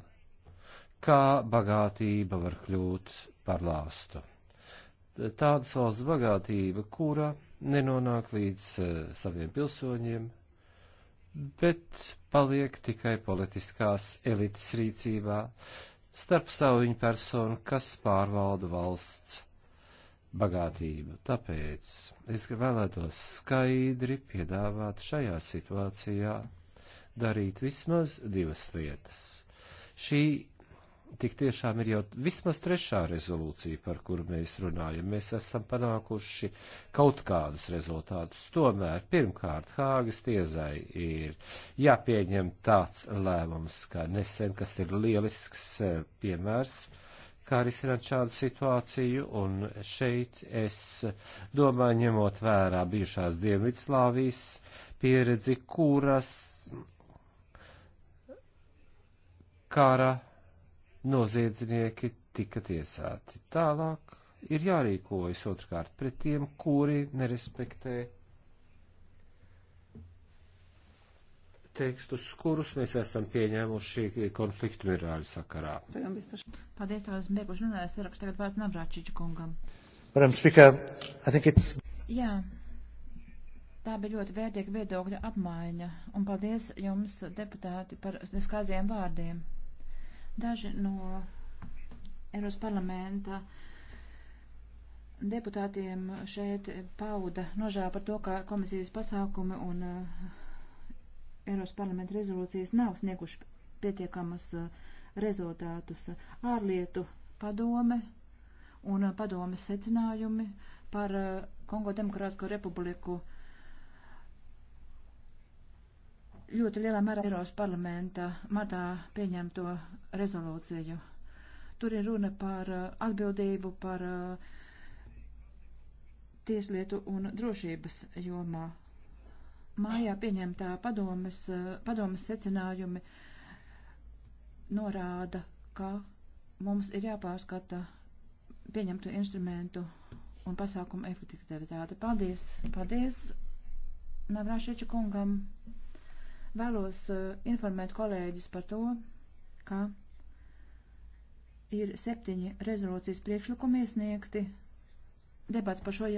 kā bagātība var kļūt par lāstu. Tādas valsts bagātība, kura nenonāk līdz eh, saviem pilsoņiem, bet paliek tikai politiskās elites rīcībā starp savu viņu personu, kas pārvalda valsts bagātību. Tāpēc es vēlētos skaidri piedāvāt šajā situācijā darīt vismaz divas lietas. Šī tik tiešām ir jau vismaz trešā rezolūcija, par kuru mēs runājam. Mēs esam panākuši kaut kādus rezultātus. Tomēr, pirmkārt, Hāgas tiesai ir jāpieņem tāds lēmums, kā nesen, kas ir lielisks eh, piemērs. Uh, kā risināt šādu situāciju, un šeit es domāju, ņemot vērā bijušās Dienvidslāvijas pieredzi, kuras kara noziedznieki tika tiesāti. Tālāk ir jārīkojas otrkārt pret tiem, kuri nerespektē tekstus, kurus mēs esam pieņēmuši konfliktu mirāļu sakarā. Paldies, tavas beiguši runājas sarakstu tagad vārds Navrāčiča kungam. Madam Speaker, I think it's. Jā. Tā bija ļoti vērtīga viedokļa apmaiņa, un paldies jums, deputāti, par skaidriem vārdiem. Daži no Eiropas parlamenta deputātiem šeit pauda nožēlu par to, ka komisijas pasākumi un uh, Eiropas parlamenta rezolūcijas nav snieguši pietiekamus uh, rezultātus. Ārlietu padome un uh, padomes secinājumi par uh, Kongo Demokrātisko republiku ļoti lielā mērā Eiropas parlamenta martā pieņemto rezolūciju. Tur ir runa par atbildību par tieslietu un drošības jomā mājā pieņemtā padomes, padomes secinājumi norāda, ka mums ir jāpārskata pieņemtu instrumentu un pasākumu efektivitāte. Paldies! Paldies! Navrāšieča kungam! vēlos uh, informēt kolēģis par to, ka ir septiņi rezolūcijas priekšlikumi iesniegti. Debats par šo